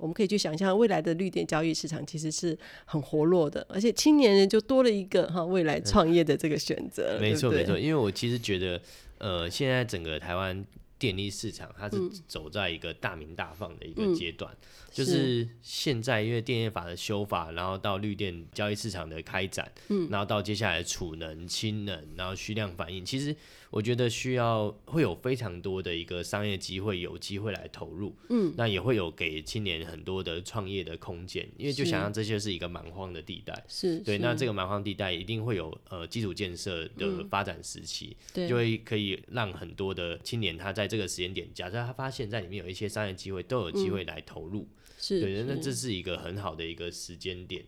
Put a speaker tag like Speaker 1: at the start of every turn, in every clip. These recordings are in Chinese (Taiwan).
Speaker 1: 我們可以去想象，未來的綠電交易市場其實是很活絡的，而且青年人就多了一個哈未來創業的這個選擇，嗯、沒錯對不對？沒錯，因
Speaker 2: 為我其實覺得，呃，現在整個台灣電力市場它是走在一個大鳴大放的一個階段，嗯、就是現在因為電業法的修法，然後到綠電交易市場的開展，嗯，然後到接下來的儲能、氫能，然後需量反應，其實。我覺得需要會有非常多的一個商業機會，有機會來投入，嗯，那也會有給青年很多的創業的空間，是因為就想象這些是一個蠻荒的地帶，是對，那這個蠻荒地帶一定會有呃基礎建設的發展時期，對、嗯，就會可以讓很多的青年他在這個時間點，假設他發現在裡面有一些商業機會，都有機會來投入，嗯、是對，那這是一個很好的一個時間點。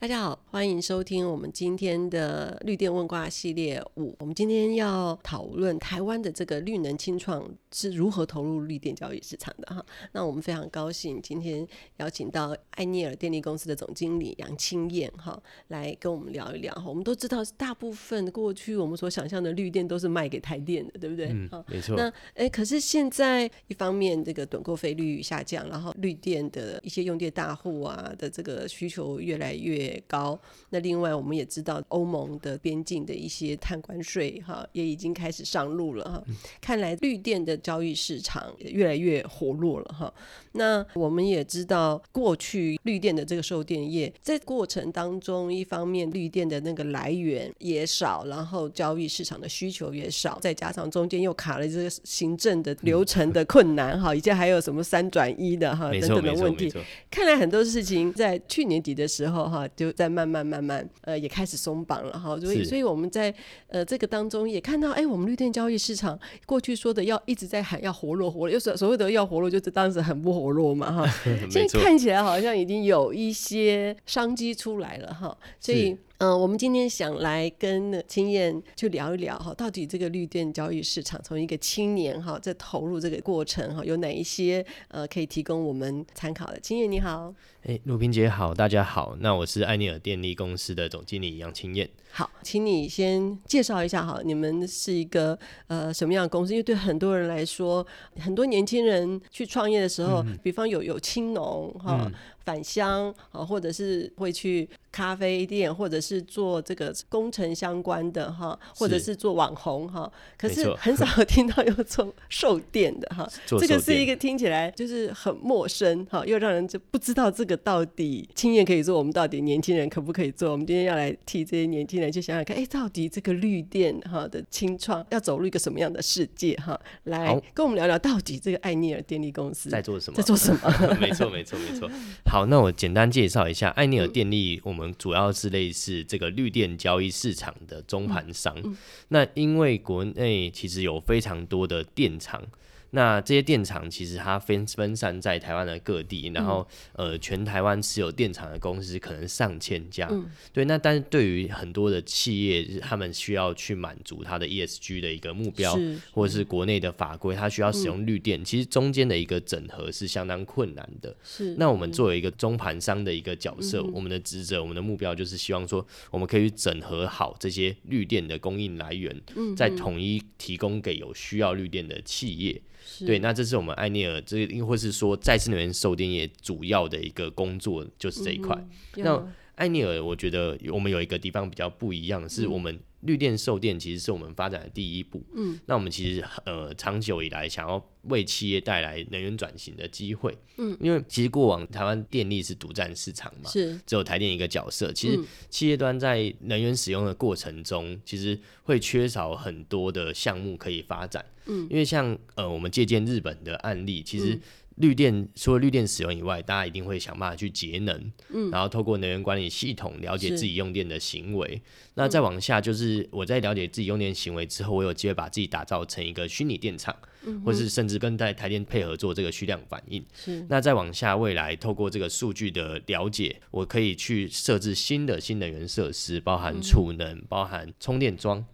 Speaker 1: 大家好，歡迎收聽我們今天的綠電問卦系列五。我們今天要討論台灣的這個綠能青創是如何投入綠電交易市場的哈。那我們非常高興今天邀請到艾涅爾電力公司的總經理楊青晏哈，來跟我們聊一聊哈。我們都知道，大部分過去我們所想象的綠電都是賣給台電的，對不對？嗯，沒錯。那哎，可是現在一方面這個躉購費率下降，然後綠電的一些用電大戶啊的這個需求越來越也高，那另外我們也知道歐盟的邊境的一些碳關稅哈也已經開始上路了哈，嗯、看來綠電的交易市場也越來越活絡了哈。那我們也知道過去綠電的這個售電業在過程當中，一方面綠電的那個來源也少，然後交易市場的需求也少，再加上中間又卡了這個行政的流程的困難、嗯、哈，以及還有什麼三轉一的哈沒錯，等等的問題，看來很多事情在去年底的時候哈。就在慢慢慢慢，呃，也開始鬆綁了哈。所以，是所以我們在呃這個當中也看到，哎、欸，我們綠電交易市場過去說的要一直在喊要活絡活絡，又所所謂的要活絡，就是當時很不活絡嘛哈。 現在看起來好像已經有一些商機出來了哈。所以。嗯、呃，我們今天想來跟青晏去聊一聊哈，到底這個綠電交易市場從一個青年哈、哦、在投入這個過程哈、哦，有哪一些呃可以提供我們參考的？青晏你好，
Speaker 2: 哎，陸平姐好，大家好，那我是艾涅爾電力公司的總經理楊青晏。
Speaker 1: 好，請你先介紹一下哈，你們是一個呃什麼樣的公司？因為對很多人來說，很多年輕人去創業的時候，嗯、比方有有青農哈、啊嗯、返鄉啊，或者是會去咖啡店，或者是做這個工程相關的哈、啊、是或者是做網紅哈、啊，可是很少有聽到有做售電的哈。啊、這個是一個聽起來就是很陌生，哈、啊，又讓人就不知道這個到底青年可以做，我們到底年輕人可不可以做？我們今天要來替這些年輕人。就想想看，哎，到底這個綠電哈的青創要走入一個什麼樣的世界哈？來好跟我們聊聊，到底這個艾涅爾電力公司在做什麼？在做什麼？ 沒錯，沒錯，沒錯。
Speaker 2: 好，那我簡單介紹一下艾涅爾電力，我們主要是類似這個綠電交易市場的中盤商。嗯、那因為國內其實有非常多的電廠。那這些電廠其實它分分散在台灣的各地，然後呃，全台灣持有電廠的公司可能上千家，嗯、對。那但是對於很多的企業，他們需要去滿足它的 ESG 的一個目標，是或者是國內的法規，它需要使用綠電。嗯、其實中間的一個整合是相當困難的。是。那我們作為一個中盤商的一個角色，嗯、哼我們的職責，我們的目標就是希望說，我們可以整合好這些綠電的供應來源，嗯、哼再統一提供給有需要綠電的企業。是對，那這是我們艾涅爾，這或是說再生能源售電業主要的一個工作，就是這一塊。嗯嗯，那艾涅爾，我覺得我們有一個地方比較不一樣的、嗯、是，我們綠電售電其實是我們發展的第一步。嗯，那我們其實呃長久以來想要為企業帶來能源轉型的機會，嗯，因為其實過往台灣電力是獨占市場嘛，是只有台電一個角色。其實企業端在能源使用的過程中，嗯、其實會缺少很多的項目可以發展。因為像呃，我們借鑑日本的案例，其實綠電、嗯、除了綠電使用以外，大家一定會想辦法去節能，嗯、然後透過能源管理系統了解自己用電的行為。是那再往下就是我在了解自己用電行為之後，我有機會把自己打造成一個虛擬電廠，嗯、哼或是甚至跟在台電配合做這個虛量反應需量反應。是，那再往下未來透過這個數據的了解，我可以去設置新的新能源設施，包含儲能，嗯、哼包含充電樁。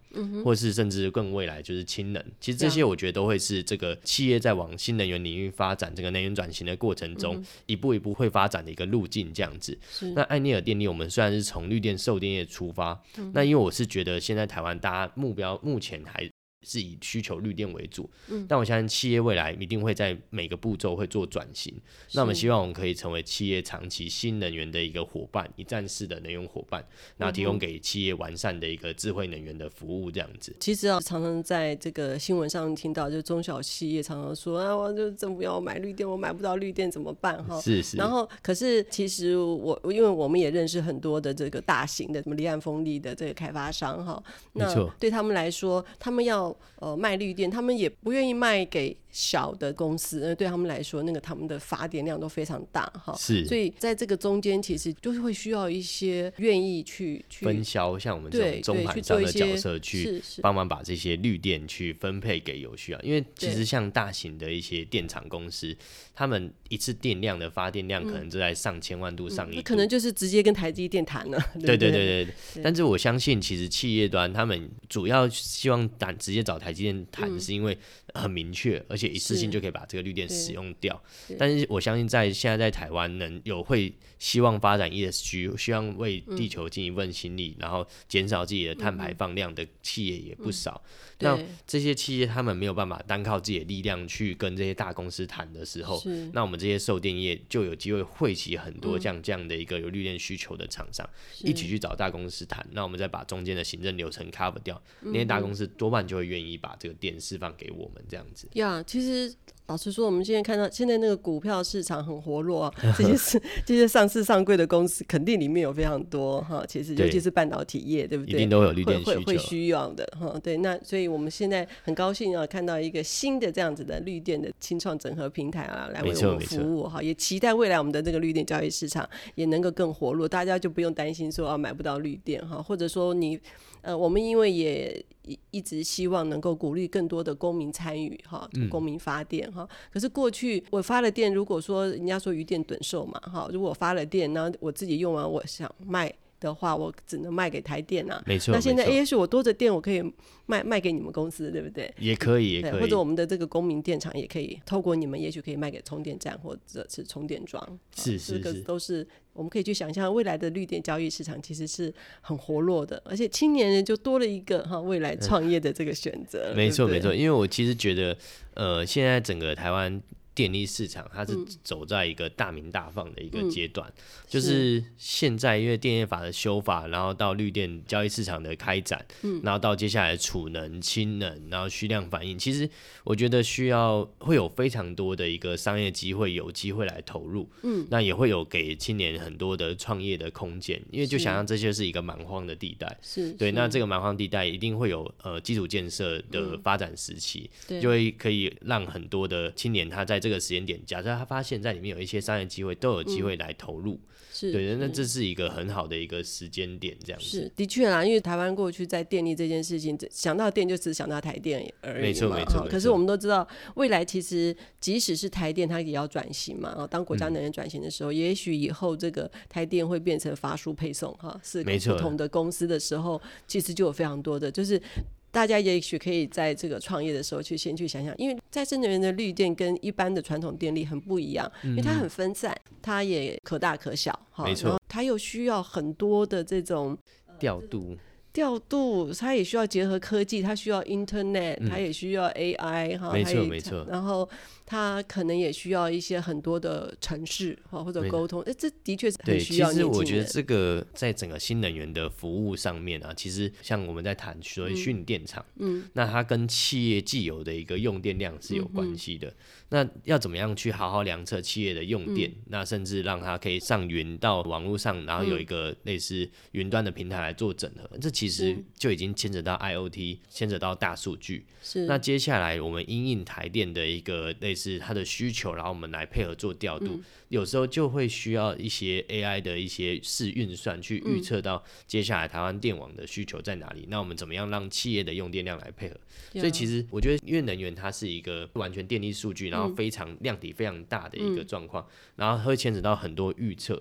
Speaker 2: 或是甚至更未來就是氫能，其實這些我覺得都會是這個企業在往新能源領域發展，這個能源轉型的過程中、嗯、哼一步一步會發展的一個路徑這樣子。是那艾涅爾電力我們雖然是從綠電售電業出發，嗯、哼那因為我是覺得現在台灣大家目標目前還是以需求綠電為主，嗯、但我相信企業未來一定會在每個步驟會做轉型。是那我們希望我們可以成為企業長期新能源的一個夥伴，一站式的能源夥伴，然後提供給企業完善的一個智慧能源的服務，這樣子。
Speaker 1: 嗯嗯其實啊，常常在這個新聞上聽到，就中小企業常常說啊，我就政府要我買綠電，我買不到綠電怎麼辦？哈，是是。然後，可是其實我因為我們也認識很多的這個大型的什麼離岸風力的這個開發商哈，那對他們來說，錯他們要。呃，賣綠電，他們也不願意賣給小的公司，那對他們來說，那個他們的發電量都非常大哈，是。所以在這個中間，其實就是會需要一些願意去，去分銷，像我們這種中盤商的角色，去，去幫
Speaker 2: 忙把這些綠電去分配給有需要。因為其實像大型的一些電廠公司，對他們一次電量的發電量可能就在上千萬度，上億，嗯嗯嗯、可能就
Speaker 1: 是直接跟台積電談了。 對，對對對對。對，但
Speaker 2: 是我相信，其實企業端他們主要希望談，直接找台積電談，是因為很明確，嗯、而且。一次性就可以把這個綠電使用掉，是是，但是我相信在現在在台灣能有會希望發展 ESG，希望為地球盡一份心力，嗯、然後減少自己的碳排放量的企業也不少。嗯、那這些企業他們沒有辦法單靠自己的力量去跟這些大公司談的時候，是那我們這些售電業就有機會匯集很多像這樣這樣的一個有綠電需求的廠商，嗯、一起去找大公司談。那我們再把中間的行政流程 cover 掉，那些大公司多半就會願意把這個電釋放給我們這樣子。嗯
Speaker 1: 嗯 yeah, 其實，老實說，我們現在看到現在那個股票市場很活絡、啊，這些是這些上市上櫃的公司，肯定裡面有非常多哈、啊。其實，尤其是半導體業，對不對？都有綠電會會會需要的哈、啊。對，那所以我們現在很高興啊，看到一個新的這樣子的綠電的青創整合平台啊，來為我們服務哈、啊。也期待未來我們的這個綠電交易市場也能夠更活絡，大家就不用擔心說啊買不到綠電哈、啊，或者說你呃，我們因為也。一直希望能夠鼓勵更多的公民參與哈，公民發電哈。嗯、可是過去我發了電，如電，如果說人家說餘電躉售嘛哈，如果發了電，那我自己用完，我想賣。的話，我只能賣給台電啊。沒錯錯，那現在也許錯、欸、我多的電，我可以賣賣給你們公司，對不對？也
Speaker 2: 可以，也可以對，或者我
Speaker 1: 們的這個公民電廠也可以，透過你們也許可以賣給充電站或者是充電樁是、啊。是是是，這個都是我們可以去想象未來的綠電交易市場其實是很活絡的，而且青年人就多了一個哈、啊、未來創業的這個選擇、嗯。沒錯沒錯，因為
Speaker 2: 我其實覺得，呃，現在整個台灣。電力市場，它是走在一個大鳴大放的一個階段，嗯、就是現在因為電業法的修法，然後到綠電交易市場的開展，嗯，然後到接下來儲能、氫能，然後需量反應，其實我覺得需要會有非常多的一個商業機會，有機會來投入，嗯，那也會有給青年很多的創業的空間，因為就想象這就是一個蠻荒的地帶，是對，是那這個蠻荒地帶一定會有呃基礎建設的發展時期，嗯、對，就會可以讓很多的青年他在這個。這個時間點，假設他發現，在裡面有一些商業機會，都有機會來投入，嗯、是，對，那是這是一個很好的一個時間點，這樣子是
Speaker 1: 的確啊，因為台灣過去在電力這件事情，想到電就只想到台電而已沒，沒錯、嗯、沒錯。可是我們都知道，未來其實即使是台電，它也要轉型嘛。然、啊、後當國家能源轉型的時候，嗯、也許以後這個台電會變成發輸配送哈、啊，是不同的公司的時候，其實就有非常多的就是。大家也許可以在這個創業的時候去先去想想，因為再生能源的綠電跟一般的傳統電力很不一樣，因為它很分散，它也可大可小，哈，沒錯錯，它又需要很多的這種調度，調、呃、這個、度，它也需要結合科技，它需要 Internet、嗯、它也需要 AI，哈，沒錯沒錯，然後。他可能也需要一些很多的城市啊，或者溝通，哎呢，這的確是很需要。對，其實我覺得這
Speaker 2: 個在整個新能源的服務上面啊，其實像我們在談所謂虛擬電廠、嗯，嗯，那它跟企業既有的一個用電量是有關係的。嗯、哼那要怎麼樣去好好量測企業的用電？嗯、那甚至讓它可以上雲到網絡上，嗯、然後有一個類似雲端的平台來做整合。這其實就已經牽扯到 IOT，是牽扯到大數據。是。那接下來我們因應台電的一個類。是它的需求，然後我們來配合做調度，嗯、有時候就會需要一些 AI 的一些試運算，去預測到接下來台灣電網的需求在哪裡。嗯、那我們怎麼樣讓企業的用電量來配合？嗯、所以其實我覺得，因為能源它是一個完全電力數據，然後非常量體非常大的一個狀況，嗯、然後會牽扯到很多預測。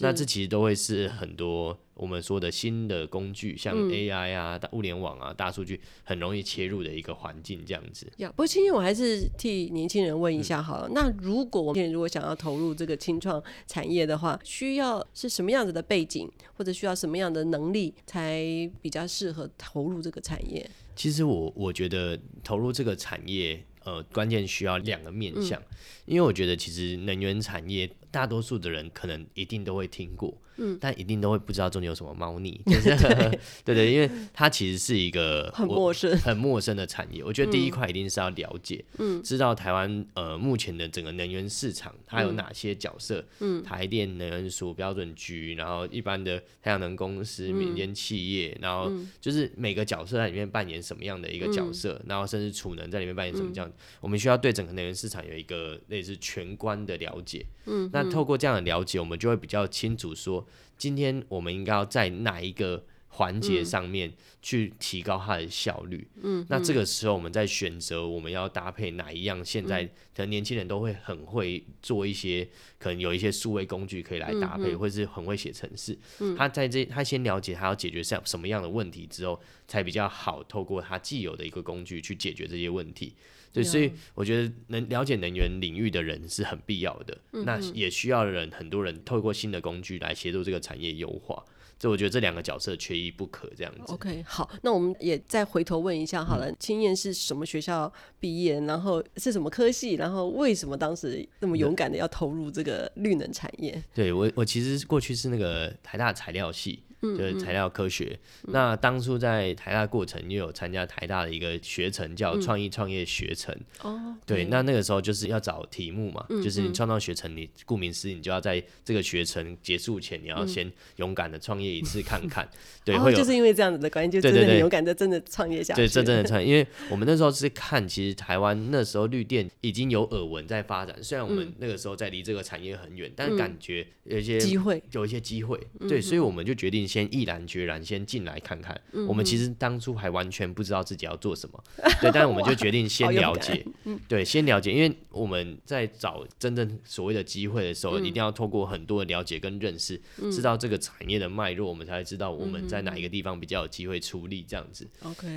Speaker 2: 那這其實都會是很多我們說的新的工具，像 AI 啊、嗯、物聯網啊、大數據，很容易切入的一個環境，這樣子。
Speaker 1: Yeah, 不過今天我還是替年輕人問一下好了。嗯、那如果我們如果想要投入這個青創產業的話，需要是什麼樣子的背景，或者需要什麼樣的能力，才比較適合投入這個產業？
Speaker 2: 其實我我覺得投入這個產業，呃，關鍵需要兩個面向，嗯、因為我覺得其實能源產業。大多數的人可能一定都會聽過。嗯，但一定都會不知道中間有什麼貓膩，就是、 對，對對，因為它其實是一個很陌生、 很陌生的產業。我覺得第一塊一定是要了解，嗯，知道台灣呃目前的整個能源市場它有哪些角色，嗯，嗯台電、能源署、標準局，然後一般的太陽能公司、嗯、民間企業，然後就是每個角色在裡面扮演什麼樣的一個角色，嗯、然後甚至儲能在裡面扮演什麼這樣、嗯、我們需要對整個能源市場有一個類似全觀的了解。嗯，嗯那透過這樣的了解，我們就會比較清楚說。今天我們應該要在哪一個環節上面去提高它的效率？嗯，那這個時候我們再選擇我們要搭配哪一樣？現在可能年輕人都會很會做一些，嗯、可能有一些數位工具可以來搭配，嗯嗯、或是很會寫程式。嗯、他在這，他先了解他要解決什麼樣的問題之後，嗯、才比較好透過他既有的一個工具去解決這些問題。對啊、對，所以，我覺得能了解能源領域的人是很必要的。嗯嗯，那也需要的人，很多人透過新的工具來協助這個產業優化。所以，我覺得這兩個角色缺一不可。這樣子。
Speaker 1: OK，好，那我們也再回頭問一下好了，青晏、嗯、是什麼學校畢業？然後是什麼科系？然後為什麼當時那麼勇敢的要投入這個綠能產業？嗯、
Speaker 2: 對，我，我其實過去是那個台大材料系。就是材料科學。嗯嗯、那當初在台大過程，又有參加台大的一個學程，叫創意創業學程。哦、嗯。嗯、對，那那個時候就是要找題目嘛，嗯嗯、就是你創造學程，你顧名思義，你就要在這個學程結束前，嗯、你要先勇敢的創業一次看看。嗯、對會有、哦，就是因
Speaker 1: 為這樣子的關係，就真的勇敢的真的創業下對對對。對，真正的創，
Speaker 2: 業，因為我們那時候是看，其實台灣那時候綠電已經有耳聞在發展，雖然我們那個時候在離這個產業很遠，嗯、但是感覺有一些機、嗯、會，有一些機會。對，所以我們就決定先。先毅然決然先進來看看，我們其實當初還完全不知道自己要做什麼，對，但是我們就決定先了解，對，先了解，因為我們在找真正所謂的機會的時候，一定要透過很多的了解跟認識，知道這個產業的脈絡，我們才知道我們在哪一個地方比較有機會出力，這樣子。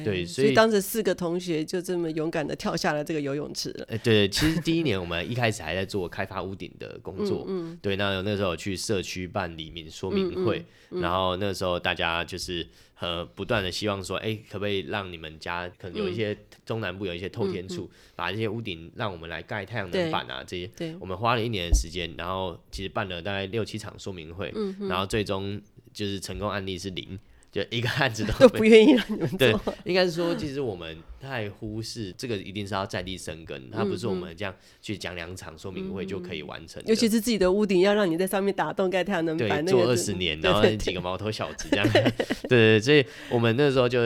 Speaker 2: 對，所以當時
Speaker 1: 四個同學就這麼勇敢的跳下了這個游泳池。
Speaker 2: 對，其實第一年我們一開始還在做開發屋頂的工作，對，那那時候去社區辦里民說明會。然後那時候大家就是呃不斷的希望說，哎、欸，可不可以讓你們家可能有一些中南部有一些透天厝、嗯、哼把這些屋頂讓我們來蓋太陽能板啊對這些。對，我們花了一年的時間，然後其實辦了大概六七場說明會，嗯、哼然後最終就是成功案例是零。就一個案子都不願意讓你們做對，應該是說，其實我們太忽視這個，一定是要在地生根，嗯嗯它不是我們這樣去講兩場說明會就可以完成的。嗯嗯尤其是自己的
Speaker 1: 屋頂要讓你在上面打洞蓋太陽能板，做二十年，然後幾
Speaker 2: 個毛頭小子這樣，對對,對,對,對,對所以我們那時候就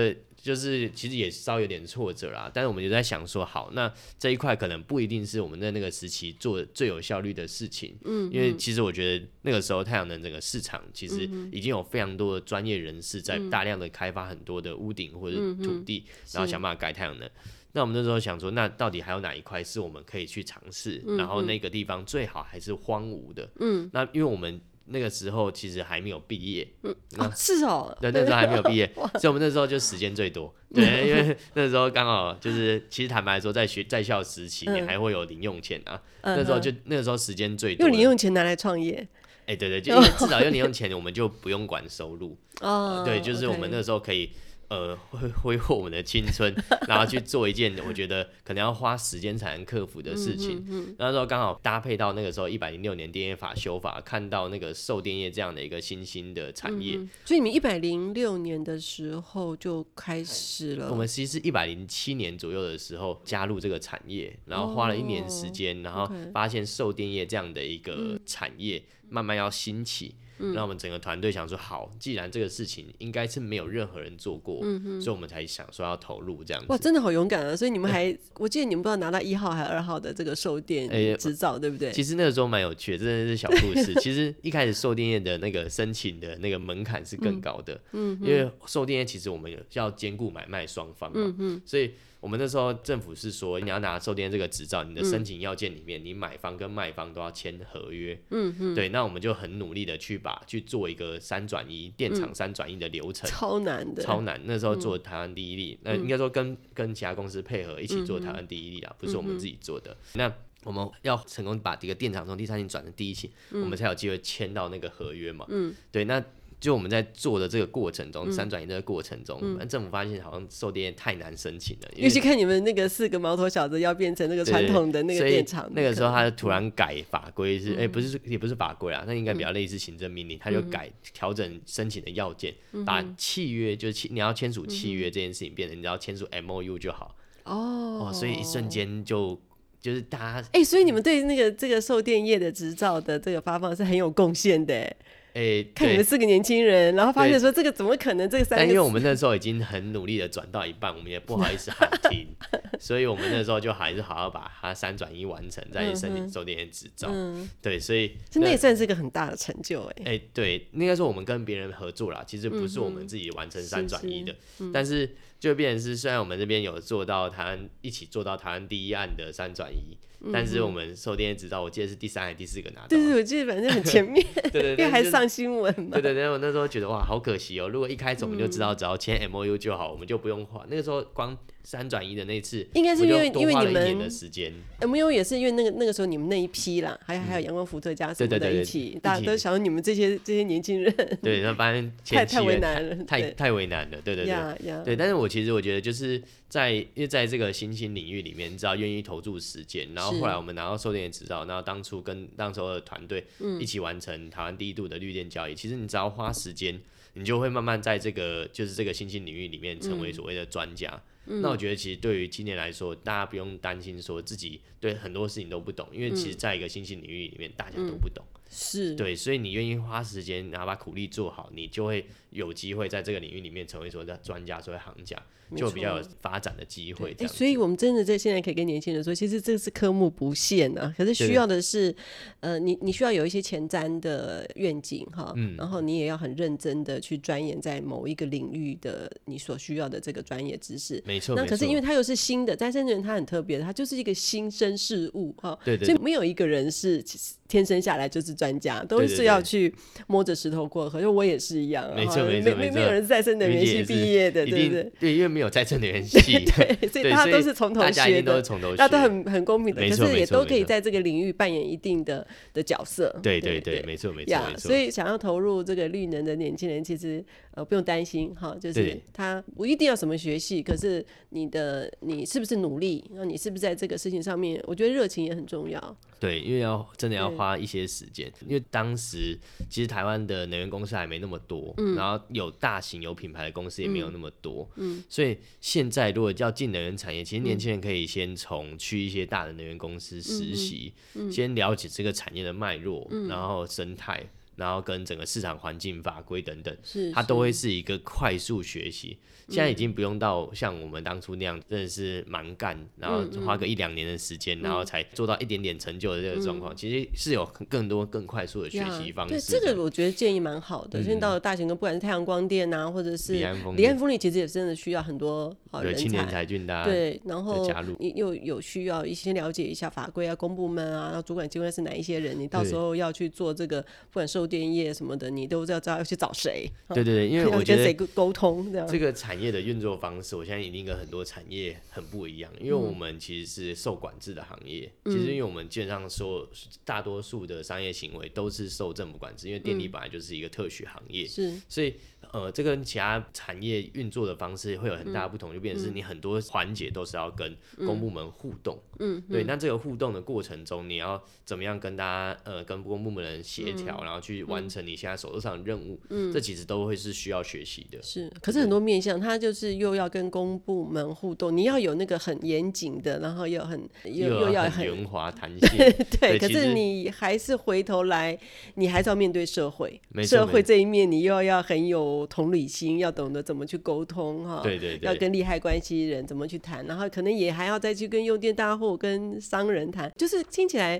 Speaker 2: 就是其實也稍微有點挫折啦，但是我們就在想說，好，那這一塊可能不一定是我們在那個時期做最有效率的事情，嗯，嗯，因為其實我覺得那個時候太陽能這個市場其實已經有非常多的專業人士在大量的開發很多的屋頂或者土地，嗯嗯然後想辦法改太陽能。嗯嗯那我們那時候想說，那到底還有哪一塊是我們可以去嘗試？嗯嗯然後那個地方最好還是荒蕪的，嗯，那因為我們。那個時候其實還沒有畢業，嗯，嗯啊、至少，對，那時候還沒有畢業， 哇所以我們那時候就時間最多，對，因為那時候剛好就是，其實坦白說在，在學在校時期，你、嗯、還會有零用錢啊，嗯、那時候就那個時候時間最多，用零用
Speaker 1: 錢拿來創業，哎，欸、對對，就因為至少用零用
Speaker 2: 錢，我們就不用管收入， 哦、呃，對，就是我們那時候可以。哦 okay 呃，揮揮霍我們的青春， 然後去做一件我覺得可能要花時間才能克服的事情。嗯、哼哼那時候剛好搭配到那個時候，一百零六年電業法修法，看到那個售電業這樣的一個新興的產業。嗯、
Speaker 1: 所以你們一百零六年的時候就開始了。我們其
Speaker 2: 實是一百零七年左右的時候加入這個產業，然後花了一年時間，哦、然後發現售電業這樣的一個產業、嗯、慢慢要興起。嗯、讓我們整個團隊想說，好，既然這個事情應該是沒有任何人做過，嗯、哼所以我們才想說要投入這樣子。哇，
Speaker 1: 真的好勇敢啊！所以你們還，嗯、我記得你們不知道拿到一號還是二號的這個售電執照，欸、對不對？其
Speaker 2: 實那個時候蠻有趣的。真的是小故事。 其實一開始售電業的那個申請的那個門檻是更高的，嗯嗯、因為售電業其實我們有要兼顧買賣雙方嘛，嗯、哼所以。我們那時候政府是說，你要拿售電這個執照，你的申請要件裡面，嗯、你買方跟賣方都要簽合約。嗯哼對，那我們就很努力的去把去做一個三轉一電廠三轉一的流程。嗯、超難的。超難，那時候做台灣第一例，嗯、那應該說跟跟其他公司配合一起做台灣第一例啊，嗯、哼不是我們自己做的。嗯、哼那我們要成功把這個電廠從第三型轉成第一型、嗯、哼我們才有機會簽到那個合約嘛。嗯。對，那。就我們在做的這個過程中，三轉移的這個過程中，嗯、政府發現好像售電業太難申請了，尤其看你
Speaker 1: 們那個四個毛頭小子要變成那個傳統的那個電廠，對對對那個時候
Speaker 2: 他就突然改法規，是哎、嗯，欸、不是也不是法規啊，那應該比較類似行政命令，嗯、他就改調整申請的要件，嗯、哼把契約就是你要簽署契約這件事情，變成、嗯、哼你只要簽署 M O U 就好
Speaker 1: 哦，哦，所以一瞬
Speaker 2: 間就就是大家
Speaker 1: 哎，欸嗯、所以你們對那個這個售電業的執照的這個發放是很有貢獻的、欸。
Speaker 2: 哎，欸、看你們四
Speaker 1: 個年輕人，對然後發現說這個怎麼可能？對這三個三，但因為我們
Speaker 2: 那時候已經很努力的轉到一半，我們也不好意思喊停， 所以我們那時候就還是好好把它三轉一完成， 在一身體做點執照，嗯、哼對，所以就那也算
Speaker 1: 是一個很大的成就，哎，
Speaker 2: 哎、欸，對，應該說我們跟別人合作啦，其實不是我們自己完成三轉一的，嗯是是嗯、但是就變成是雖然我們這邊有做到台灣一起做到台灣第一案的三轉一。但是我們收電業執照，我記得是第三還是第四個拿到？對對、
Speaker 1: 嗯，就是、我記得反正很前面，因為還上新聞嘛，對對對，
Speaker 2: 對對對，那我那時候覺得哇，好可惜哦、喔！如果一開始我們就知道只要簽 M O U 就好，嗯、我們就不用畫。那個時候光。三轉一的那次，應該是因為因為你們多花了一年的時
Speaker 1: 間。沒有，也是因為那個那個時候你們那一批啦，還有還有陽光伏特家什麼的，一起大家都想你們這些這些年輕人。
Speaker 2: 對，那後發現太太為難了，太太為難了，對對對。對，但是我其實我覺得就是在因為在這個新興領域裡面，你只要願意投注時間，然後後來我們拿到售電執照，然後當初跟當時候的團隊一起完成臺灣第一度的綠電交易，其實你只要花時間。你就會慢慢在這個就是這個新興領域裡面成為所謂的專家。嗯嗯、那我覺得其實對於青年來說，大家不用擔心說自己對很多事情都不懂，因為其實在一個新興領域裡面大家都不懂。嗯、是對，所以你願意花時間，然後把苦力做好，你就會。有機會在這個領域裡面成為所謂的專家，作為行家，就比較有發展的機會。欸，所
Speaker 1: 以我們真的在現在可以跟年輕人說，其實這個是科目不限啊，可是需要的是，對對對，呃，你你需要有一些前瞻的願景哈，嗯、然後你也要很認真的去鑽研在某一個領域的你所需要的這個專業知識。沒錯錯。那可是因為它又是新的，在甚至它很特別的，它就是一個新生事物哈。對，對對。所以沒有一個人是天生下來就是專家，都是要去摸着石頭過河，就我也是一樣。沒沒沒沒有人是再生能源系畢業的，對
Speaker 2: 不對？對，因為沒有再生能源系。對，
Speaker 1: 所以他都是從頭學的，大家都是從頭學，那都很很公平的。可是也都可以在這個領域扮演一定的的角色。對對對，沒錯沒錯，對。所以想要投入這個綠能的年輕人，其實。呃，不用擔心哈，就是他，不一定要什麼學習？對可是你的你是不是努力？那你是不是在這個事情上面？我覺得熱情也很重要。
Speaker 2: 對，因為要真的要花一些時間，對因為當時其實台灣的能源公司還沒那麼多，嗯、然後有大型有品牌的公司也沒有那麼多，嗯、所以現在如果要進能源產業，嗯、其實年輕人可以先從去一些大的能源公司實習，嗯嗯嗯、先了解這個產業的脈絡，嗯、然後生態。然後跟整個市場環境、法規等等，是它都會是一個快速學習。
Speaker 1: 現在已經
Speaker 2: 不用到像我們當初那樣，真的是蠻幹，然後花個一兩年的時間，然後才做到一點點成就的這個狀況。其實是有更多更快速的學習方式。對，
Speaker 1: 這個我覺得建議蠻好的。現在到了大型的，不管是太陽光電啊，或者是離岸風電離岸風電裡，其實也真的需要很多好的青年才俊的對，然後加入，你又有需要一些了解一下法規啊、公部門啊、然後主管機關是哪一些人，你到時候要去做這個，不管是電業什麼的，你都知道要去找誰？對對對，因為我覺得溝通這樣。這
Speaker 2: 個產業的運作方式，我現在已經跟很多產業很不一樣，嗯、因為我們其實是受管制的行業。嗯、其實，因為我們基本上說，大多數的商業行為都是受政府管制，因為電力本來就是一個特許行業。嗯、是，所以呃，這跟其他產業運作的方式會有很大的不同，嗯、就變成是你很多環節都是要跟公部門互動。嗯，嗯嗯對。那這個互動的過程中，你要怎麼樣跟大家呃，跟公部門的人協調，嗯、然後去。去完成你現在手頭上的任務，嗯，這其實都會是需要學習的。是，
Speaker 1: 可是很多面向，對他就是又要跟公部門互動，你要有那個很嚴謹的，然後又很又又要很圓滑彈性對，對對實可是你還是回頭來，你還是要面對社會，錯社會這一面你又要要很有同理心，要懂得怎麼去溝通哈。哦、對對對，要跟利害關係人怎麼去談，然後可能也還要再去跟用電大戶、跟商人談，就是聽起來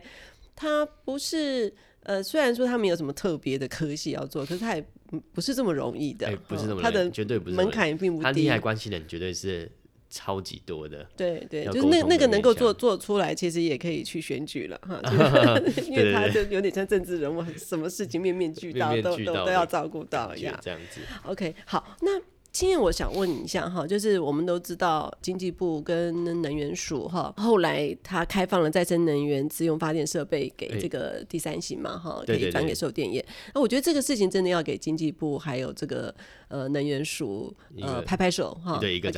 Speaker 1: 他不是。呃，雖然說他沒有什麼特別的科系要做，可是他也不是這麼容易的，不是這麼他的絕對不是門檻也並不低，利害
Speaker 2: 關係人絕對是超級多的。對對，就那那個能夠做
Speaker 1: 做出來，其實也可以去選舉了哈，因為他就有點像政治人物，什麼事情面面俱到，都都都要照顧到一樣這樣子。OK，好，那。今天我想問你一下哈，就是我們都知道經濟部跟能源署哈，後來他開放了再生能源自用發電設備給這個第三型嘛哈，欸、可以轉給售電業。那、啊、我覺得這個事情真的要給經濟部還有這個呃能源署呃個拍拍手哈，給對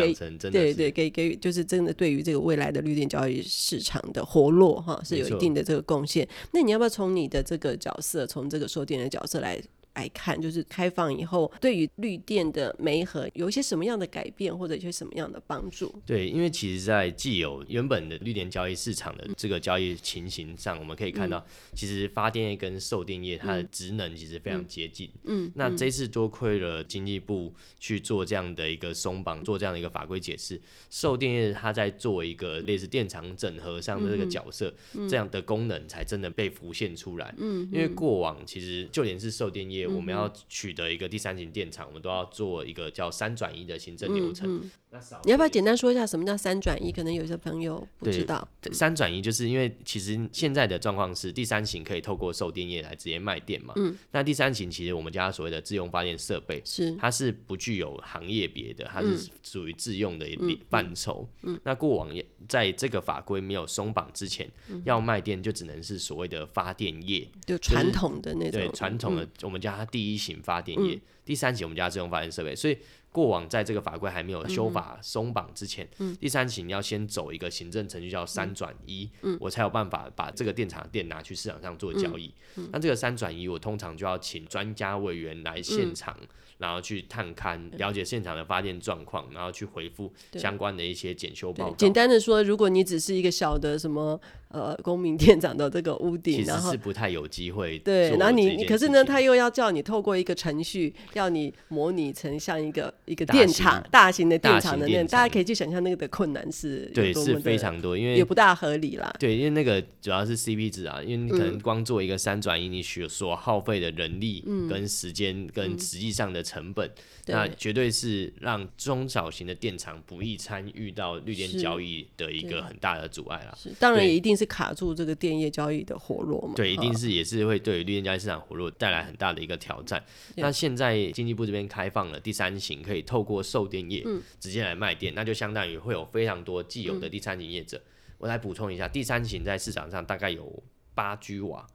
Speaker 1: 對給給就是真的對於這個未來的綠電交易市場的活絡哈是有一定的這個貢獻。錯那你要不要從你的這個角色，從這個售電的角色來？來看，就是開放以後，對於綠電的媒合有一些什麼樣的改變，或者一些什麼樣的幫助？
Speaker 2: 對，因為其實在既有原本的綠電交易市場的這個交易情形上，嗯、我們可以看到，其實發電業跟售電業它的職能其實非常接近。嗯，嗯嗯嗯那這次多虧了經濟部去做這樣的一個鬆綁，做這樣的一個法規解釋，售電業它在做一個類似電廠整合上的這個角色，嗯嗯嗯、這樣的功能才真的被浮現出來。嗯，嗯因為過往其實就連是售電業。我們要取得一個第三型電廠，我們都要做一個叫“
Speaker 1: 三轉移”的行政流程。你要不要簡單說一下什麼叫“三轉移”？可能有些朋友不知道。
Speaker 2: 三轉移就是因為其實現在的狀況是，第三型可以透過售電業來直接賣電嘛。嗯。那第三型其實我們叫所謂的自用發電設備，是它是不具有行業別的，它是屬於自用的範疇。嗯。那過往在這個法規沒有鬆綁之前，要賣電就只能是所謂的發電業，就傳統的那種。對，傳統的我們叫。它第一型發電業，第三型我們家自用發電設備，嗯、所以過往在這個法規還沒有修法鬆綁之前，嗯嗯、第三型要先走一個行政程序叫三轉一，嗯、我才有辦法把這個電廠的電拿去市場上做交易。嗯嗯、那這個三轉一，我通常就要請專家委員來現場，嗯、然後去探勘了解現場的發電狀況，然後去回復相關的一些檢修報告。簡
Speaker 1: 單的說，如果你只是一個小的什麼。呃，公民電廠的這個屋頂，然後是不太有
Speaker 2: 機會。對，然後你，可是
Speaker 1: 呢，他又要叫你透過一個程序，要你模擬成像一個一個電廠，大型，大型的電廠的那大，大，大家可以去想象那個的困難是。對，是非常多，因為也不大合理啦。
Speaker 2: 對，因為那個主要是 CP 值啊，因為你可能光做一個三轉移，嗯、你需所耗費的人力跟時間跟實際上的成本，嗯嗯、那絕對是讓中小型的電廠不易參與到綠電交易的一個很大的阻礙啦。是，當然也一
Speaker 1: 定是。卡住這個電業交易的活絡嘛？對，一定是、哦、
Speaker 2: 也是會對於綠電交易市場活絡帶來很大的一個挑戰。對那現在經濟部這邊開放了第三型，可以透過售電業直接來賣電，嗯、那就相當於會有非常多既有的第三型業者。嗯、我來補充一下，第三型在市場上大概有八 G 瓦。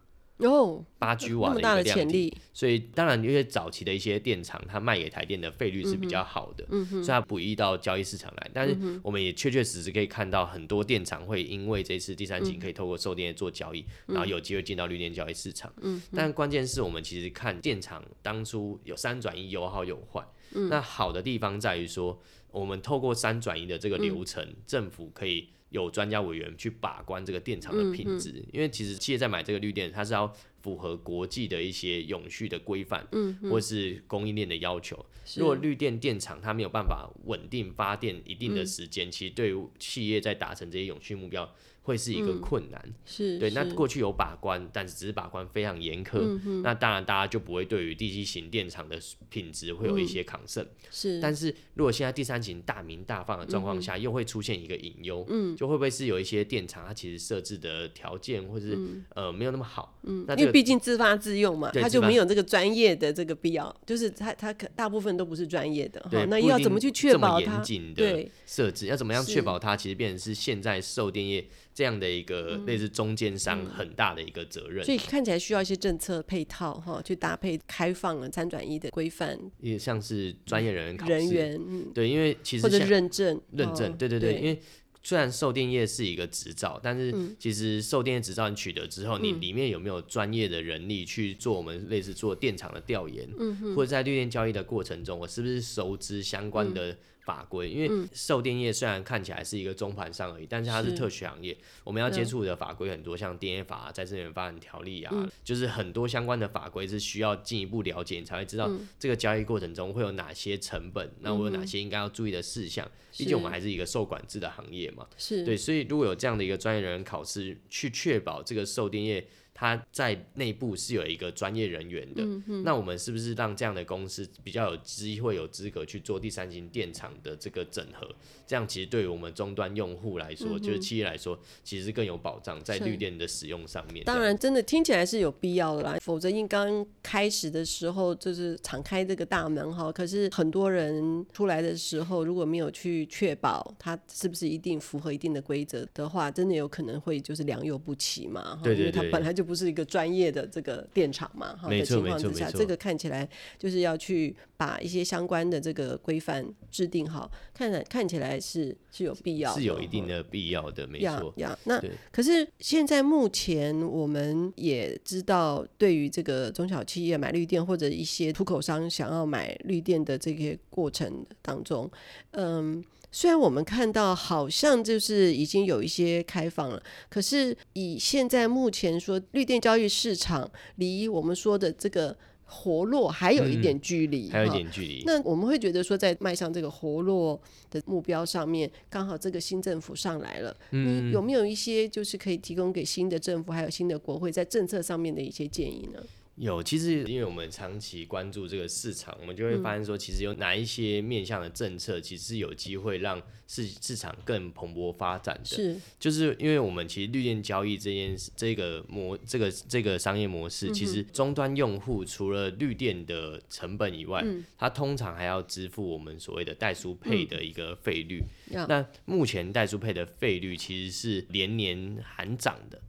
Speaker 1: 有八、oh, G 瓦的一個潛力，
Speaker 2: 所以當然因為早期的一些電廠，它賣給台電的費率是比較好的，嗯，嗯，所以它不移到交易市場來。但是我們也確確實實可以看到，很多電廠會因為這次第三型可以透過售電做交易，嗯、然後有機會進到綠電交易市場。嗯，嗯嗯，但關鍵是我們其實看電廠當初有三轉移，有好有壞。嗯，那好的地方在於說，我們透過三轉移的這個流程，嗯、政府可以。有專家委員去把關這個電廠的品質，嗯嗯、因為其實企業在買這個綠電，它是要符合國際的一些永續的規範，嗯嗯、或是供應鏈的要求。是如果綠電電廠它沒有辦法穩定發電一定的時間，嗯、其實對於企業在達成這些永續目標。會是一個困難，是對。那過去有把關，但是只是把關非常嚴苛，那當然大家就不會對於第一型電廠的品質會有一些抗勝。是，但是如果現在第三型大鳴大放的狀況下，又會出現一個隱憂，嗯，就會不會是有一些電廠它其實設置的條件或者是呃沒有那麼好，
Speaker 1: 嗯，因為畢竟自發自用嘛，它就沒有這個專業的這個必要，就是它它大部分都不是專業的，哈，那要怎麼去確保它，的
Speaker 2: 設置要怎麼樣確保它其實變成是現在售電業。這樣的一個類似中間商很大的一個責任，嗯，所以看
Speaker 1: 起來需要一些政策配套哈，去搭配開放了三轉一的規範，
Speaker 2: 也像是專業人員考試，人員對，因為其實是認證，認證，哦，對對對，對因為雖然售電業是一個執照，但是其實售電業執照你取得之後，嗯，你裡面有沒有專業的人力去做我們類似做電廠的調研，嗯哼，或者在綠電交易的過程中，我是不是熟知相關的，嗯？法規，因為售電業雖然看起來是一個中盤商而已，嗯、但是它是特許行業，是我們要接觸的法規很多，嗯、像《電力法》《再生能源發展條例》啊，啊嗯、就是很多相關的法規是需要進一步了解，你才會知道這個交易過程中會有哪些成本，嗯、那我有哪些應該要注意的事項。畢、嗯、竟我們還是一個受管制的行業嘛，是對，所以如果有這樣的一個專業人員考試，去確保這個售電業。他在內部是有一個專業人員的，嗯、哼那我們是不是讓這樣的公司比較有機會有資格去做第三型電廠的這個整合？這樣其實對於我們終端用戶來說，嗯、哼就是企業來說，其實更有保障在綠電的使用上面，嗯。當然，真
Speaker 1: 的聽起來是有必要的啦，否則因剛開始的時候就是敞開這個大門哈，可是很多人出來的時候如果沒有去確保它是不是一定符合一定的規則的話，真的有可能會就是良莠不齊嘛。對對對，因為它本來就。不是一個專業的這個電廠嘛，哈沒錯。的情況之下，這個看起來就是要去把一些相關的這個規範制定好，看起來看起來是是有必要的是，是有一定
Speaker 2: 的必要的，沒錯。那
Speaker 1: 可是現在目前我們也知道，對於這個中小企業買綠電或者一些出口商想要買綠電的這些過程當中，嗯。雖然我們看到，好像就是已經有一些開放了，可是以現在目前說，綠電交易市場離我們說的這個活絡還有一點距離，嗯，還有一點距離。那我們會覺得說，在邁向這個活絡的目標上面，剛好這個新政府上來了，你，嗯嗯，有沒有一些就是可以提供給新的政府還有新的國會在政策上面的一些建議呢？
Speaker 2: 有，其實因為我們長期關注這個市場，我們就會發現說，其實有哪一些面向的政策，其實是有機會讓市市場更蓬勃發展的。是，就是因為我們其實綠電交易這件這個模這個、這個、這個商業模式，嗯、哼其實終端用戶除了綠電的成本以外，它、嗯、通常還要支付我們所謂的代輸配的一個費率。嗯、那目前代輸配的費率其實是連年喊漲的。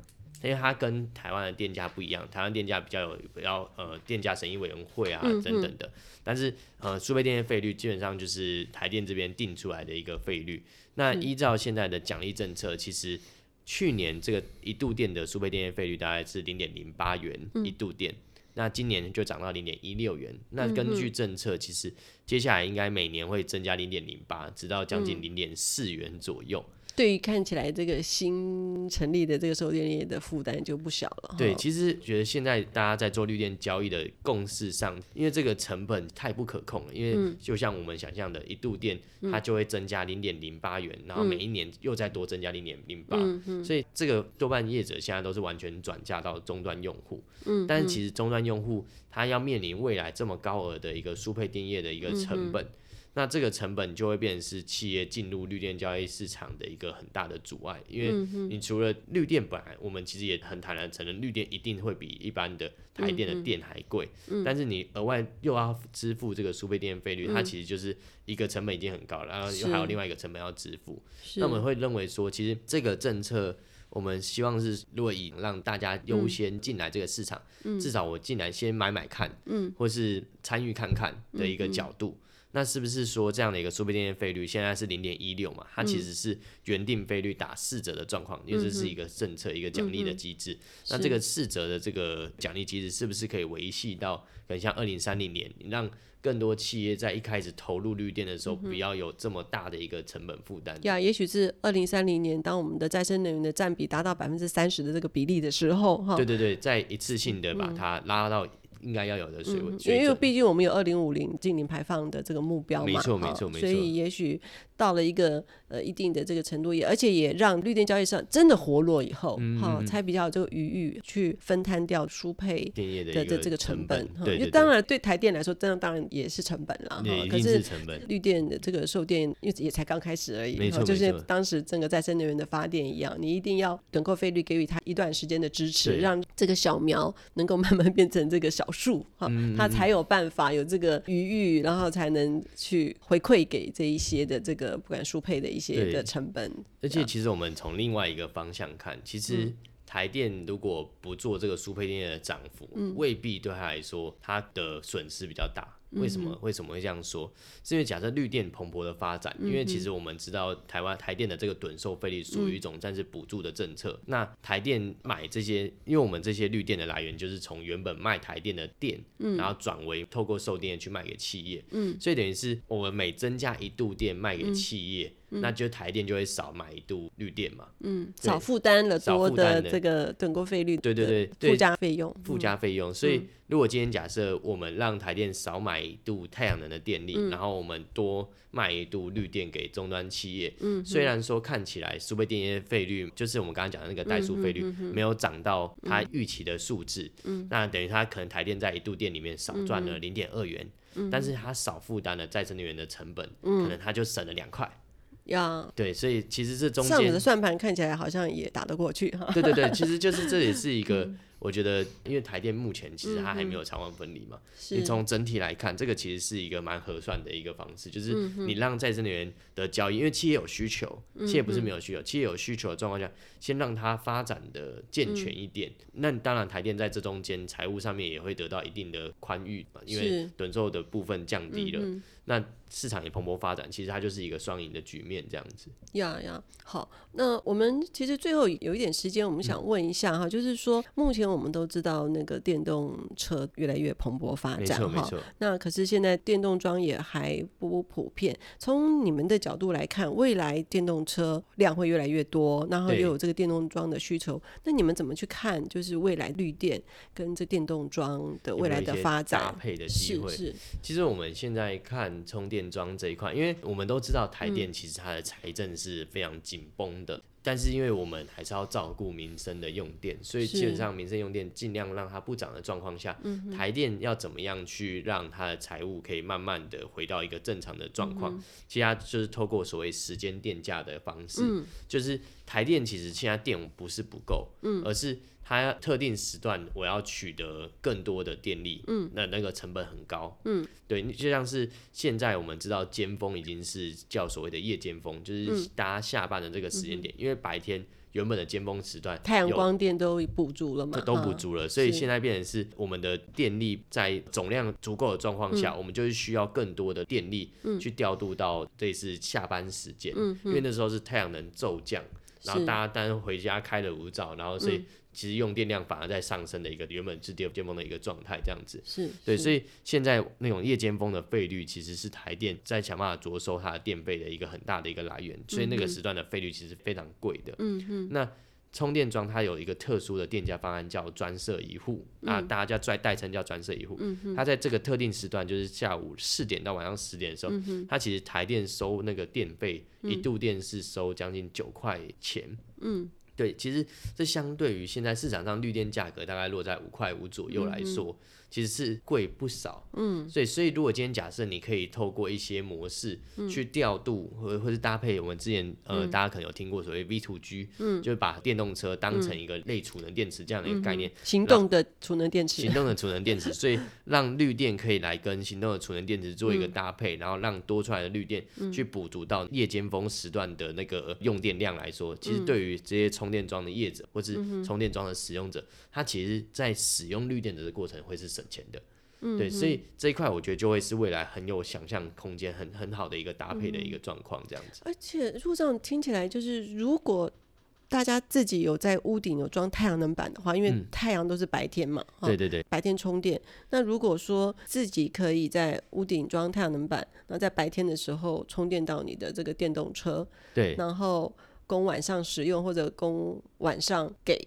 Speaker 2: 因為它跟台灣的電價不一樣，台灣電價比較有比較呃電價審議委員會啊等等的，嗯、哼但是呃輸配電業費率基本上就是台電這邊定出來的一個費率。那依照現在的獎勵政策，嗯、其實去年這個一度電的輸配電業費率大概是零點零八元一度電，嗯、那今年就漲到零點一六元。那根據政策，其實接下來應該每年會增加零點零八，直到將近零點四元左右。嗯嗯
Speaker 1: 對於看起來這個新成立的這個售電業的負擔就不小了。哦、對，其實
Speaker 2: 覺得現在大家在做綠電交易的共識上，因為這個成本太不可控了。因為就像我們想象的，一度電、嗯、它就會增加零點零八元，嗯、然後每一年又再多增加零點零八。所以這個多半業者現在都是完全轉嫁到終端用戶。嗯、但是其實終端用戶他要面臨未來這麼高額的一個輸配電業的一個成本。嗯嗯那這個成本就會變成是企業進入綠電交易市場的一個很大的阻礙，因為你除了綠電本來，嗯、哼我們其實也很坦然承認綠電一定會比一般的台電的電還貴，嗯嗯、但是你額外又要支付這個輸配電費率，嗯、它其實就是一個成本已經很高了，然後又還有另外一個成本要支付。是那我們會認為說，其實這個政策我們希望是，如果以讓大家優先進來這個市場，嗯、至少我進來先買買看，嗯、或是參與看看的一個角度。嗯那是不是說這樣的一個輸配電費費率現在是零點一六嘛？嗯、它其實是原定費率打四折的狀況，因為這是一個政策、嗯、哼一個獎勵的機制。嗯、哼那這個四折的這個獎勵機制是不是可以維繫到，可能像二零三零年，你讓更多企業在一開始投入綠電的時候，不要有這麼大的一個成本負擔？對、嗯、
Speaker 1: 也許是二零三零年，當我們的再生能源的占比達到百分之三十的這個比例的時候，哈，對對
Speaker 2: 對，再一次性的把它拉到，嗯。應該要有的水水，水溫、嗯，因為
Speaker 1: 畢竟我們有二零五零淨零排放的這個目標嘛，沒錯沒錯沒錯，沒錯沒錯所以也許到了一個呃一定的這個程度也，也而且也讓綠電交易上真的活絡以後，哈、嗯哼，才比較這個餘裕去分攤掉輸配的這這個成本，就當然對台電來說，當然當然也是成本了，哈，是可是綠電的這個售電，因為也才剛開始而已，就是當時整個再生能源的發電一樣，你一定要躉購費率給予它一段時間的支持，對讓這個小苗能夠慢慢變成這個小苗。數啊，它、哦、才有辦法有這個餘裕，然後才能去回饋給這一些的這個不管輸配的一些的成本。而
Speaker 2: 且，其實我們從另外一個方向看，其實台電如果不做這個輸配電的漲幅，未必對他來說，它的損失比較大。為什麼為什麼會這樣說？是因為假設綠電蓬勃的發展，因為其實我們知道台灣台電的這個躉售費率屬於一種暫時補助的政策。嗯、那台電買這些，因為我們這些綠電的來源就是從原本賣台電的電，嗯、然後轉為透過售電去賣給企業，嗯、所以等於是我們每增加一度電賣給企業。嗯那就台電就會少買一度綠電嘛，嗯，少負擔了多的這個躉購費率，對對對，附加費用，附加費用。所以如果今天假設我們讓台電少買一度太陽能的電力，然後我們多賣一度綠電給終端企業，嗯，雖然說看起來輸配電業費率，就是我們剛剛講的那個代輸費率，沒有漲到它預期的數字，那等於它可能台電在一度電裡面少賺了零點二元，但是它少負擔了再生能源的成本，可能它就省了兩塊。要 Yeah, 對，所以其實這中間上的
Speaker 1: 算盤看起來好像也打得過去哈。對對對，其實就是這也
Speaker 2: 是一個， 嗯、我覺得因為台電目前其實它還沒有廠網分離嘛，你、嗯、從整體來看，這個其實是一個蠻合算的一個方式，就是你讓再生能源的交易，嗯、哼因為企業有需求，嗯、哼企業不是沒有需求，企業有需求的狀況下，嗯、哼先讓它發展的健全一點，嗯、那當然台電在這中間財務上面也會得到一定的寬裕嘛，是因為躉售的部分降低了。嗯那市場也蓬勃發展，其實它就是一個雙贏的局面，這樣子。
Speaker 1: 呀呀，好，那我們其實最後有一點時間，我們想問一下哈，嗯，就是說目前我們都知道那個電動車越來越蓬勃發展，哈，那可是現在電動樁也還不，不普遍。從你們的角度來看，未來電動車量會越來越多，然後又有這個電動樁的需求，對那你們怎麼去看？就是未來綠電跟這電動樁的未來的發展有有搭配的機會？是，
Speaker 2: 是。其實我們現在看。充電樁這一塊，因為我們都知道台電其實它的財政是非常緊繃的，嗯、但是因為我們還是要照顧民生的用電，所以基本上民生用電盡量讓它不漲的狀況下，嗯、台電要怎麼樣去讓它的財務可以慢慢的回到一個正常的狀況？嗯、哼其實它就是透過所謂時間電價的方式，嗯、就是台電其實現在電不是不夠，嗯、而是。它特定時段我要取得更多的電力，嗯，那那個成本很高，嗯，對，就像是現在我們知道尖峰已經是叫所謂的夜間風，就是大家下班的這個時間點，因為白天原本的尖峰時段，太陽光
Speaker 1: 電都補足了嗎？都補足了，所以現在
Speaker 2: 變成是我們的電力在總量足夠的狀況下，我們就是需要更多的電力去調度到這是下班時間，嗯，因為那時候是太陽能驟降，然後大家當然回家開了五兆，然後所以。其實用電量反而在上升的一個，原本是低峰尖峰的一個狀態，這樣子是，是對，所以現在那種夜間峰的費率其實是台電在想辦法着收它的電費的一個很大的一個來源，所以那個時段的費率其實是非常貴的。嗯嗯，那充電樁它有一個特殊的電價方案叫專設一戶，那、嗯啊、大家代叫代代稱叫專設一戶。嗯嗯，它在這個特定時段，就是下午四點到晚上十點的時候，嗯嗯，它其實台電收那個電費一度電是收將近九塊錢嗯。嗯。對，其實這相對於現在市場上綠電價格大概落在五塊五左右來說。嗯嗯其實是貴不少，嗯，所以所以如果今天假設你可以透過一些模式去調度或、嗯、或是搭配我們之前呃、嗯、大家可能有聽過所謂 V2G，嗯，就把電動車當成一個類儲能電池這樣的一個概念，嗯、行動的
Speaker 1: 儲能電池，行動的
Speaker 2: 儲能電池， 所以讓綠電可以來跟行動的儲能電池做一個搭配，嗯、然後讓多出來的綠電去補足到夜間峰時段的那個用電量來說，嗯、哼其實對於這些充電樁的業者，或是充電樁的使用者，嗯、哼他其實在使用綠電的過程會是什麼錢的，嗯、哼對，所以這一塊我覺得就會是未來很有想象空間、很很好的一個搭配的一個狀況，這樣子。嗯、而
Speaker 1: 且，陸上聽起來就是，如果大家自己有在屋頂有裝太陽能板的話，因為太陽都是白天嘛，嗯哦、對對對，白天充電。那如果說自己可以在屋頂裝太陽能板，然後在白天的時候充電到你的這個電動車，對，然後供晚上使用或者供晚上給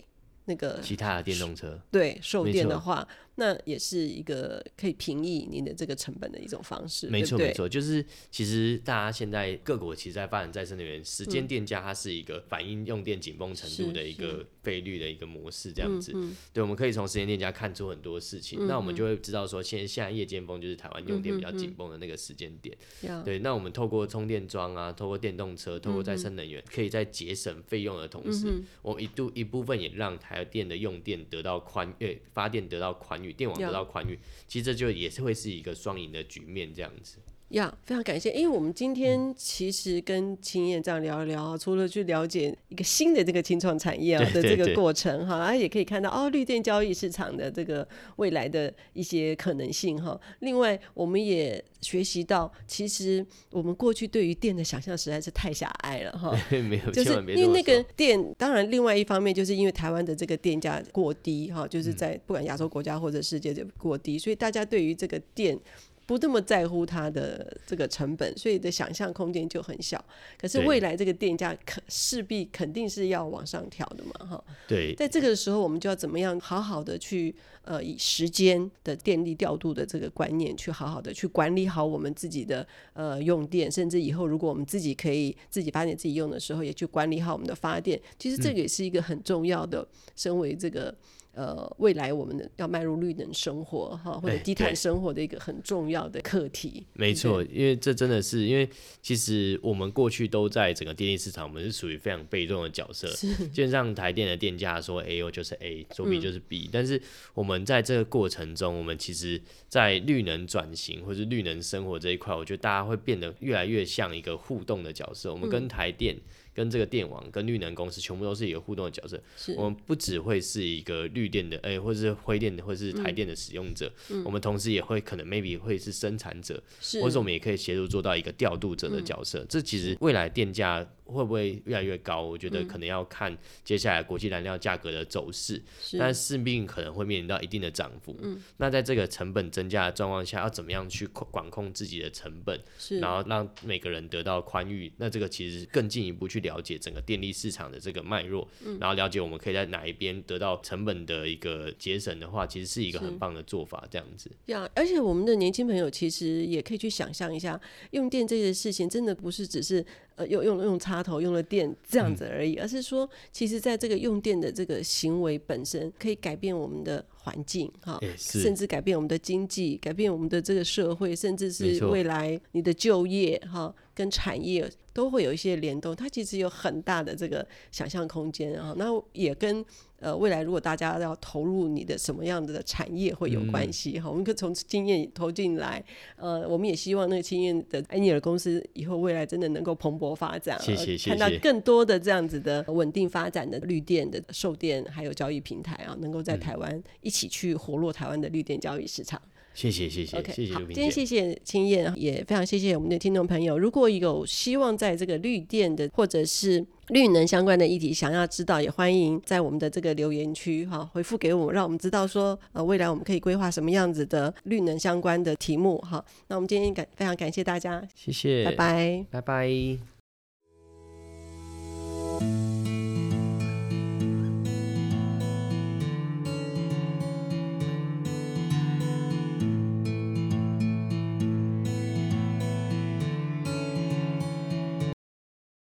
Speaker 1: 那個其
Speaker 2: 他的電動車，對，受電的話。
Speaker 1: 那也是一個可以平抑您的這個成本的一種方式。沒錯，沒錯，
Speaker 2: 就是其實大家現在各國其實在發展再生能源，嗯、時間電價它是一個反映用電緊繃程度的一個費率的一個模式，這樣子。是是對，我們可以從時間電價看出很多事情。嗯嗯，那我們就會知道說，現在現在夜間峰，就是台灣用電比較緊繃的那個時間點。嗯嗯嗯對，那我們透過充電樁啊，透過電動車，透過再生能源，可以在節省費用的同時，嗯嗯我一度一部分也讓台電的用電得到寬、欸，發電得到寬。電網得到寬裕，Yeah. 其實這就也是會是一個雙贏的局面，這樣子。
Speaker 1: 呀，yeah, 非常感謝！為、欸、我們今天其實跟青晏這樣聊一聊，嗯、除了去了解一個新的這個青創產業的這個過程，哈，也、啊、也可以看到哦，綠電交易市場的這個未來的一些可能性，哈。另外，我們也學習到，其實我們過去對於電的想象實在是太狹隘了，哈、欸。
Speaker 2: 沒有，就是因為那個
Speaker 1: 電，當然，另外一方面，就是因為台灣的這個電價過低，哈，就是在不管亞洲國家或者世界都過低，嗯、所以大家對於這個電。不那麼在乎它的這個成本，所以的想象空間就很小。可是未來這個電價可勢必肯定是要往上調的嘛，哈。對。在這個時候，我們就要怎麼樣好好的去呃以時間的電力調度的這個觀念去好好的去管理好我們自己的呃用電，甚至以後如果我們自己可以自己發電自己用的時候，也去管理好我們的發電。其實這個也是一個很重要的，身為這個。嗯呃，未來我們的要邁入綠能生活哈，或者低碳生活的一個很重要的課題。哎哎、
Speaker 2: 沒錯，對因為這真的是因為其實我們過去都在整個電力市場，我們是屬於非常被動的角色。是基本上台電的電價說 A，、哎、就是 A，說 B 就是 B、嗯。但是我們在這個過程中，我們其實在綠能轉型或是綠能生活這一塊，我覺得大家會變得越來越像一個互動的角色。我們跟台電。嗯跟這個電網、跟綠能公司，全部都是一個互動的角色。是我們不只會是一個綠電的，哎、欸，或是灰電的，或是台電的使用者，嗯、我們同時也會可能 maybe、嗯、會是生產者，是或者我們也可以協助做到一個調度者的角色。嗯、這其實未來電價會不會越來越高？嗯、我覺得可能要看接下來國際燃料價格的走勢，嗯、是但勢必可能會面臨到一定的漲幅。嗯、那在這個成本增加的狀況下，要怎麼樣去管控自己的成本，是然後讓每個人得到寬裕？那這個其實更進一步去。了解整個電力市場的這個脈絡，嗯、然後了解我們可以在哪一邊得到成本的一個節省的話，其實是一個很棒的做法。是這樣子
Speaker 1: ，yeah, 而且我們的年輕朋友其實也可以去想象一下，用電這件事情真的不是只是。呃，用用用插頭用了電這樣子而已，嗯、而是說，其實在這個用電的這個行為本身，可以改變我們的環境哈，哦欸、甚至改變我們的經濟，改變我們的這個社會，甚至是未來你的就業哈、哦，跟產業都會有一些聯動，它其實有很大的這個想象空間啊、哦。那也跟。呃，未來如果大家要投入你的什麼樣子的產業會有關係哈，我們可以從經驗投進來。呃，我們也希望那個經驗的艾涅爾公司以後未來真的能夠蓬勃發展，謝謝謝謝而看到更多的這樣子的穩定發展的綠電的售電還有交易平台啊，能夠在台灣一起去活絡台灣的綠電交易市場。嗯
Speaker 2: 謝謝謝謝
Speaker 1: 謝謝，今天謝謝青晏，也非常謝謝我們的聽眾朋友。如果有希望在這個綠電的或者是綠能相關的議題想要知道，也歡迎在我們的這個留言區哈回復給我們，讓我們知道說呃未來我們可以規劃什麼樣子的綠能相關的題目哈。好，那我們今天感非常感謝大家，謝謝，拜拜，拜拜。